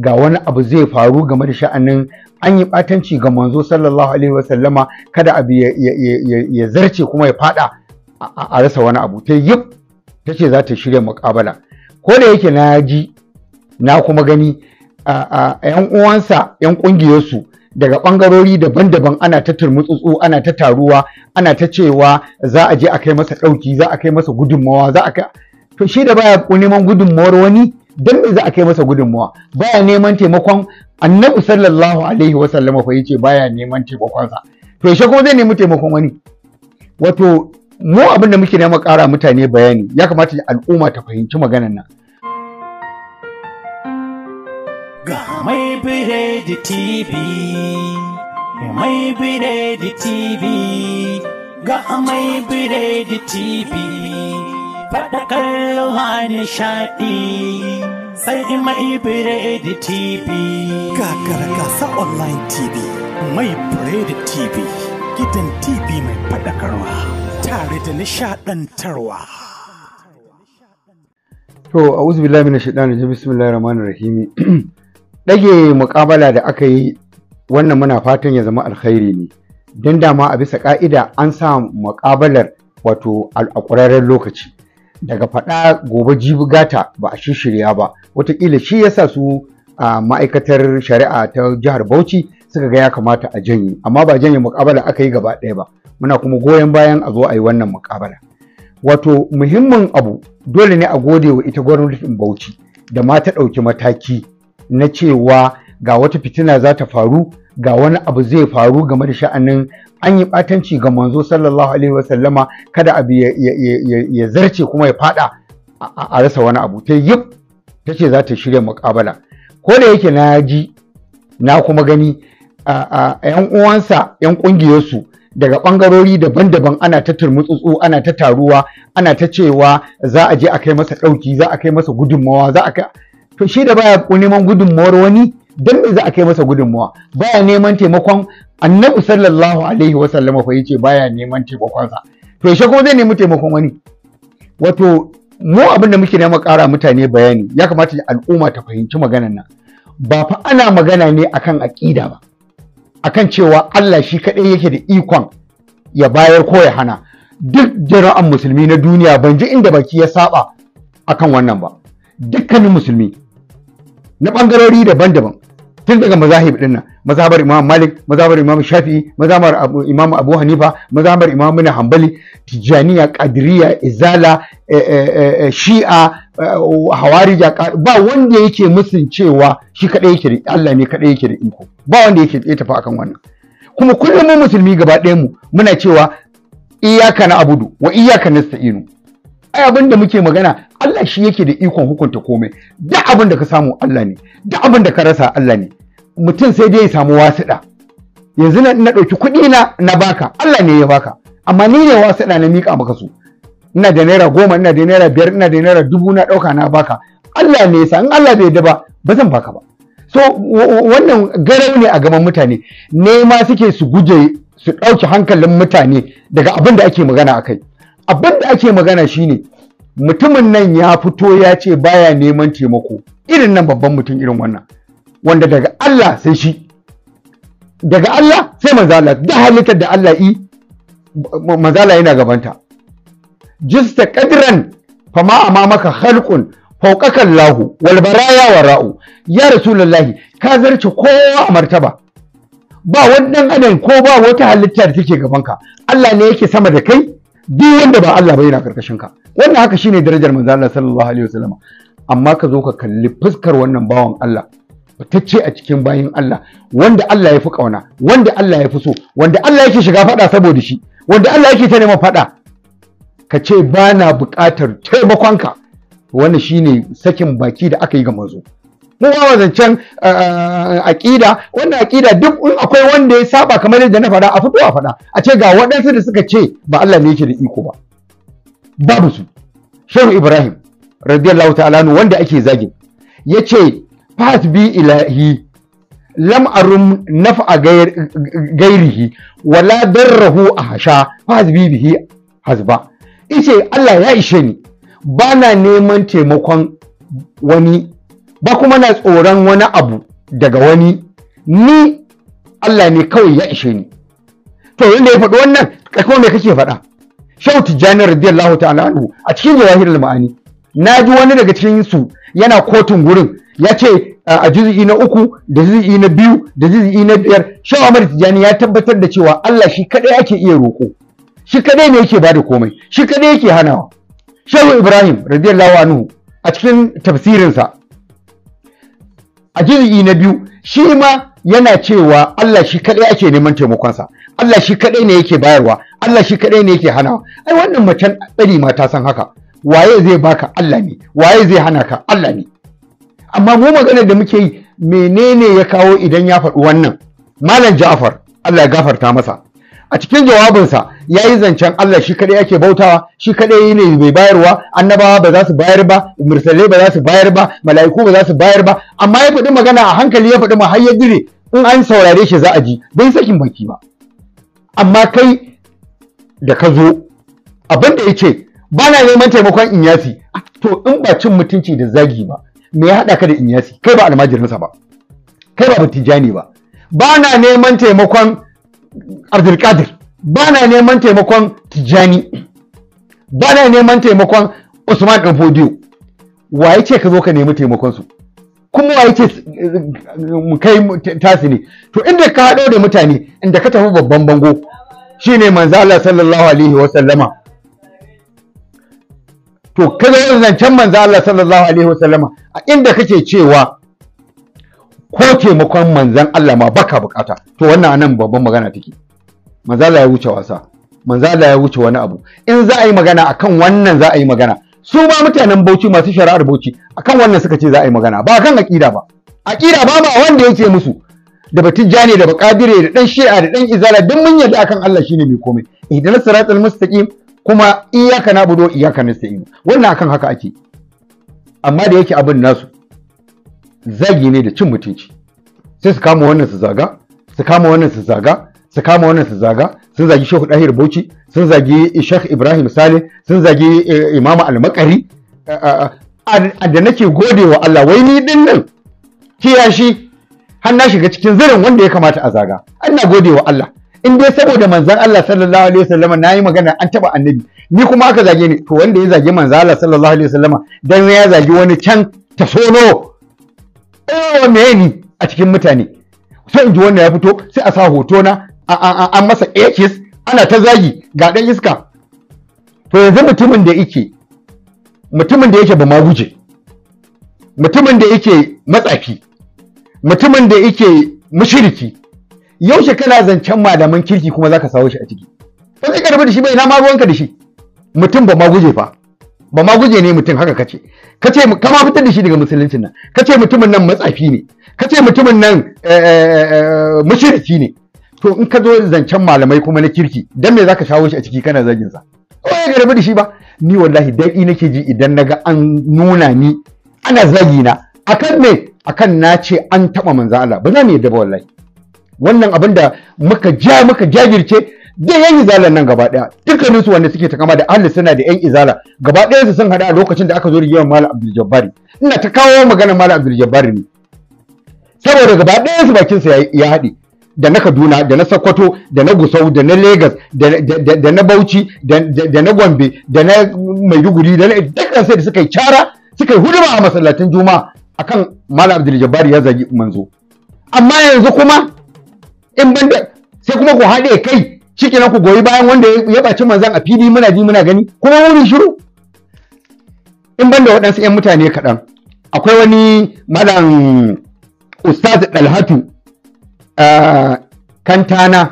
ga wani abu zai faru game da sha'anin an yi ɓatanci ga manzo sallallahu alaihi wasallama kada abu ya zarce kuma ya fada a rasa wani abu ta yi ta ce za ta shirya muƙabala ko da yake na ji na kuma gani yan uwansa yan ƙungiyarsu daga ɓangarori daban-daban ana ta turmutsutsu ana ta taruwa ana ta cewa za a je a kai masa ɗauki za a kai masa gudunmawa za a kai to shi da baya neman gudunmawar wani dan me za a kai masa gudunmawa baya neman taimakon annabi sallallahu alaihi wa sallam fa yace baya neman taimakon sa to yaushe kuma zai nemi taimakon wani wato mu abin da muke nema ƙara mutane bayani ya kamata al'umma ta fahimci maganar nan ga mai biredi tv mai biredi tv ga mai biredi tv faɗakar ruwa nishaɗi sai mai da TV. Gagara gasa online TV, mai da TV, gidan TV mai faɗakarwa, tare da nishaɗantarwa. To, a wuzu bilamin shaɗan da bismillahir rahmanir rahimi. Ɗage muƙabala da aka yi wannan muna fatan ya zama alkhairi ne. Don dama a bisa ƙa'ida an sa muƙabalar wato a lokaci. daga faɗa gobe jibi gata ba a shirya ba watakila shi ya sa su a ma'aikatar shari'a ta jihar bauchi suka ga ya kamata a janye amma ba janye mukabala aka yi gaba ɗaya ba muna kuma goyon bayan a zo a yi wannan mukabala wato muhimmin abu dole ne a gode wa ita gwamnatin bauchi da ma ta ɗauki mataki na cewa ga wata fitina za ta faru ga wani abu zai faru game da sha'anin an yi ɓatanci ga manzo sallallahu alaihi wasallama kada abu ya zarce kuma ya fada a rasa wani abu ta yi ta ce za ta shirya muƙabala ko da yake na ji na kuma gani a yan uwansa yan ƙungiyarsu daga ɓangarori daban-daban ana ta turmutsutsu ana ta taruwa ana ta cewa za a je a kai masa ɗauki za a kai masa gudunmawa za a kai to shi da baya neman gudunmawar wani don me za a kai masa gudunmawa baya neman taimakon annabi sallallahu alaihi wa sallama fa yace baya neman taimakonsa to yaushe kuma zai nemi taimakon wani wato mu abin muke nema ƙara mutane bayani ya kamata al'umma ta fahimci maganar nan ba fa ana magana ne akan aƙida ba akan cewa Allah shi kaɗai yake da ikon ya bayar ko ya hana duk jira'an musulmi na duniya ban ji inda baki ya saba akan wannan ba dukkanin musulmi na ɓangarori daban-daban tun daga mazahib din nan mazhabar imam malik mazhabar imam shafi'i mazhabar imam abu hanifa mazhabar imam na hanbali tijaniya qadiriyya izala eh, eh, eh, shi'a hawarija ba wanda yake musun cewa shi kadai yake Allah ne kadai yake iko ba wanda yake tsaye tafi akan wannan kuma kullum mu musulmi gaba ɗayan mu muna cewa iyyaka na abudu wa iyyaka nasta'inu ai abin da muke magana Allah shi yake da ikon hukunta komai da abin da ka samu Allah ne da abin da ka rasa Allah ne mutum sai dai ya samu wasuɗa yanzu na ɗauki kuɗi na na baka Allah ne ya baka amma ni ne wasuɗa na miƙa maka su ina da naira goma ina da naira biyar ina da naira dubu na ɗauka na baka Allah ne ya sa in Allah bai yarda ba ba zan baka ba so wannan garau ne a gaban mutane nema suke su guje su ɗauki hankalin mutane daga abin da ake magana a kai abin da ake magana shine mutumin nan ya fito ya ce baya neman taimako irin nan babban mutum irin wannan wanda daga Allah sai shi daga Allah sai manzala da halittar da Allah yi manzala yana gabanta jista kadiran fama amma maka halkun faukakan lahu walbaraya wa ra'u ya rasulullahi ka zarce kowa a martaba ba wannan adam ko ba wata halitta da take gabanka Allah ne yake sama da kai duk wanda ba Allah ba yana karkashin ka wannan haka shine darajar manzo Allah sallallahu alaihi wasallama amma ka zo ka kalli fuskar wannan bawan Allah fitacce a cikin bayin Allah wanda Allah ya fi kauna wanda Allah ya fi so wanda Allah yake shiga fada saboda shi wanda Allah yake ta neman fada ka ce ba na buƙatar taimakonka wannan shine sakin baki da aka yi ga manzo mu ba zancen eh, eh, aƙida wannan aƙida duk akwai wanda ya saba kamar yadda na faɗa a fito a faɗa a ce ga waɗansu da suka ce ba Allah ne yake da iko ba babu su shehu ibrahim radiyallahu ta'ala wanda ake zagi yace fat bi ilahi lam arum naf'a gairihi wala darrahu hasha fat bi bihi hasba ice Allah ya ishe ni ba na neman taimakon wani ba kuma na tsoron wani abu daga wani ni Allah ne kawai ya ishe ni to inda ya faɗi wannan kuma me kake faɗa Shehu Tijjani radiyallahu ta'ala anhu a cikin al ma'ani na ji wani daga cikin su yana kotun gurin ya ce a juz'i na uku da juz'i na biyu da juz'i na biyar Shehu Ahmad Tijjani ya tabbatar da cewa Allah shi kadai ake iya roƙo shi kadai ne yake bada komai shi kadai yake hanawa Shehu Ibrahim radiyallahu anhu a cikin tafsirinsa a juz'i na biyu shi ma yana cewa Allah shi kadai ake neman taimakonsa Allah shi kaɗai ne yake bayarwa Allah shi kaɗai ne yake hana. ai wannan macen ɗari ma ta san haka waye zai baka Allah ne waye zai hana ka Allah ne amma mu maganar da muke yi menene ya kawo idan ya faɗi wannan malam Ja'far Allah ya gafarta masa a cikin jawabinsa ya yi zancen Allah shi kaɗai ake bautawa shi kaɗai ne mai bayarwa annabawa ba za su bayar ba mursalai ba za su bayar ba mala'iku ba za su bayar ba amma ya faɗi magana a hankali ya faɗi ma har dire in an saurare shi za a ji bai sakin baki ba amma kai da ka zo abin da ya ce ba na neman taimakon inyasi to in ba cin mutunci da zagi ba me ya haɗa ka da inyasi kai ba almajirinsa ba kai ba batijani ba ba na neman taimakon abdulkadir ba na neman taimakon tijjani ba na neman taimakon usman kamfodiyo wa ya ce ka zo ka nemi taimakon su kuma wa yake kai tasi ne to inda ka haɗo da mutane inda ka tafi babban bango shine manzo Allah sallallahu alaihi wa sallama to kaga zancen manzo Allah sallallahu alaihi wa sallama a inda kake cewa ko taimakon manzan Allah ma baka bukata to wannan anan babban magana take manzo Allah ya wuce wasa manzo Allah ya wuce wani abu in za a yi magana akan wannan za a yi magana su ma mutanen Bauchi masu shari'ar Bauchi akan wannan suka ce za a yi magana ba kan aƙida ba aƙida ba ma wanda ya yake musu da jani da bakadire da dan shi'a da dan izala duk mun yarda akan Allah shine mai komai idan siratal mustaqim kuma iyyaka na'budu wa iyyaka nasta'in wannan akan haka ake amma da yake abin nasu zagi ne da cin mutunci sai su kama wannan su zaga su kama wannan su zaga su kama wannan su zaga sun zagi shehu dahir bauchi sun zagi sheikh ibrahim sale sun zagi eh, imama almakari da nake gode wa allah wai ni din nan kiyashi har na shiga cikin zirin wanda ya kamata a zaga ina gode wa allah in dai saboda manzan Allah sallallahu alaihi wasallama na yi magana an taba annabi ni kuma aka zage ni to wanda ya zage manzon Allah sallallahu alaihi wasallama dan ya zage wani can ta sono eh ni a cikin mutane sai in ji wanda ya fito sai a sa hoto na an masa ekis ana ta zagi ga ɗan iska to yanzu mutumin da yake mutumin da yake ba ma guje mutumin da yake matsafi mutumin da yake mushiriki yaushe kana zancen malaman kirki kuma ka sawo shi a ciki ba zai karbi da shi ba ina ma ruwanka da shi mutum ba ma guje fa ba ma guje ne mutum haka kace kace kama fitar da shi daga musuluncin nan kace mutumin nan matsafi ne kace mutumin nan eh, eh, eh, mushiriki ne to in ka zo zancen malamai kuma na kirki dan me zaka shawo shi a ciki kana zagin sa ko ya rabu da shi ba ni wallahi daɗi nake ji idan naga an nuna ni ana zagi na akan me akan na ce an taba manzo Allah ba za mu yadda ba wallahi wannan abin da muka ja muka jagirce da yan izalan nan gaba daya dukkanin su wanda suke ta kama da ahli suna da yan izala gaba daya su sun hada a lokacin da aka zo rigiyar malam Abdul jabbar ina ta kawo magana malam Abdul jabbar ne saboda gaba daya su bakin sa ya haɗe da na kaduna da na sokoto da na gusau da na lagos da na bauchi da na gombe da na maiduguri da na dukkan sai da suka yi cara suka yi huduma a masallacin juma'a kan malam abdul ya zagi manzo amma yanzu kuma in banda sai kuma ku haɗe kai shikenan ku goyi bayan wanda ya ɓaci manzan a fili muna ji muna gani kuma wurin shiru in banda waɗansu 'yan mutane kaɗan akwai wani malam ustaz dalhatu Eh, kantana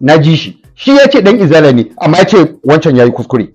na ji shi shi ya ce dan izala ne amma ya ce wancan ya yi kuskure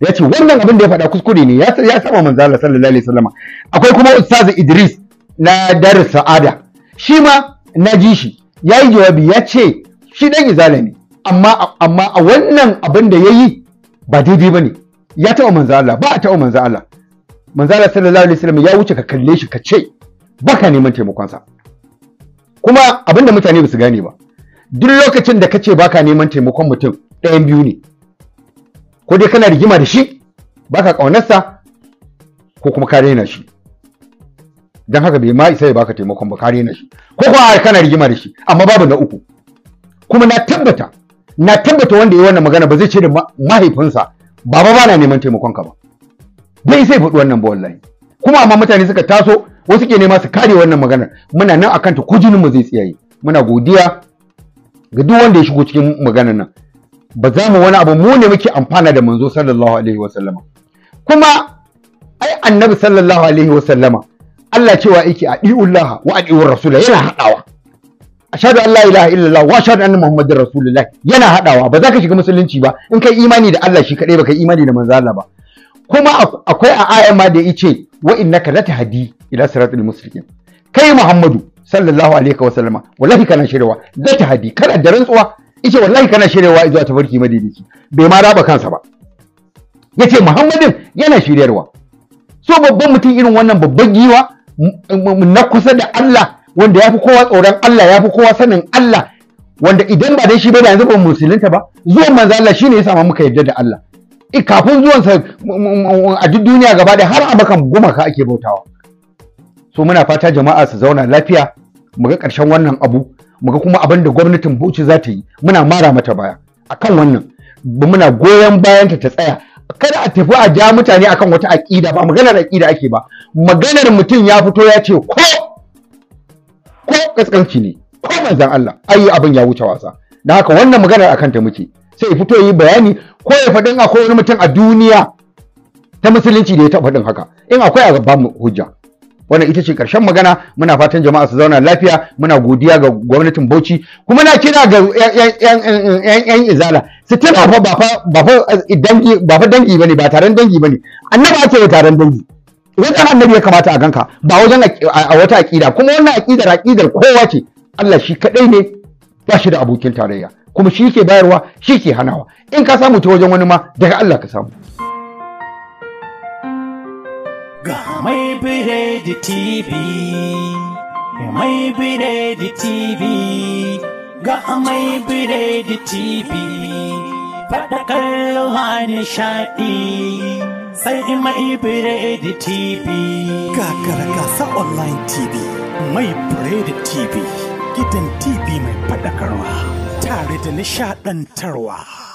ya ce wannan abin da ya faɗa kuskure ne ya saba manzala sallallahu alaihi wasallama akwai kuma ustaz idris na darar sa'ada shi ma na ji shi ya yi jawabi ya ce shi dan izala ne amma a wannan abin da ya yi ba daidai ba ne ya taɓa Manzala, ba a taɓa Manzala. Manzala sallallahu alaihi wasallam ya wuce ka kalle shi ka ce baka neman taimakonsa kuma abin da mutane ba su gane ba duk lokacin da kace baka neman taimakon mutum ɗayan biyu ne ko dai kana rigima da shi baka ƙaunarsa ko kuma ka raina shi don haka bai ma isa ya baka taimakon ba ka raina shi ko kuma kana rigima da shi amma babu na uku kuma na tabbata na tabbata wanda ya wannan magana ba zai ce da mahaifinsa baba ba na neman taimakon ka ba bai sai faɗi wannan ba wallahi kuma amma mutane suka taso wasu ke nema su kare wannan maganar muna nan akan ta ko mu zai tsiyaye muna godiya ga duk wanda ya shigo cikin maganar nan ba za mu wani abu mu ne muke amfana da manzo sallallahu alaihi wasallama kuma ai annabi sallallahu alaihi wasallama Allah cewa yake adiullah wa adiur rasul yana hadawa ashhadu an la ilaha illallah wa ashhadu anna muhammadar rasulullah yana hadawa ba za ka shiga musulunci ba in kai imani da Allah shi kadai ba kai imani da manzo Allah ba kuma akwai a ayan ma da yace wa innaka latahdi ila siratal mustaqim kai Muhammadu sallallahu alaihi wa wallahi kana shirewa latahdi kana da rantsuwa yace wallahi kana shirewa zuwa tafarki madaidaici bai ma raba kansa ba yace Muhammadin yana shiryarwa so babban mutum irin wannan babban giwa mm, mm, na kusa da Allah wanda ya fi kowa tsoron Allah ya fi kowa sanin Allah wanda idan ba dai shi ba da yanzu ba musulunta ba zuwan manzo Allah shine ya samu muka yarda da Allah Eh, kafin zuwansa a duk duniya gaba da har abakan gumaka ake bautawa so muna fata jama'a su zauna lafiya mu ga ƙarshen wannan abu mu ga kuma abin da gwamnatin Bauchi za ta yi muna mara mata baya akan wannan muna goyon bayanta ta tsaya kada a tafi a ja mutane akan wata aƙida ba maganar aƙida ake ba maganar mutum ya fito ya ce ko ko kaskanci ne ko manzon Allah ayi abin ya wuce wasa dan haka wannan maganar akan ta muke sai ya fito yi bayani ko ya faɗin akwai wani mutum a duniya ta musulunci da ya taɓa faɗin haka in akwai a ba mu hujja wannan ita ce ƙarshen magana muna fatan jama'a su zauna lafiya muna godiya ga gwamnatin Bauchi kuma na kira ga yan izala su ba fa ba dangi ba fa dangi bane ba taron dangi bane annabi ake da taron dangi wannan annabi ya kamata a ganka ba wajen a wata aƙida kuma wannan aƙidar aƙidar kowa ce Allah shi kaɗai ne ba shi da abokin tarayya kuma shi ke bayarwa shi ke hanawa in ka samu ta wajen wani ma daga Allah ka samu ga mai biredi tv mai biredi tv ga mai biredi tv faɗakar ruwa nishaɗi sai mai biredi tv kakara gasa online tv mai biredi tv gidan tv mai faɗakarwa tare da nishaɗantarwa.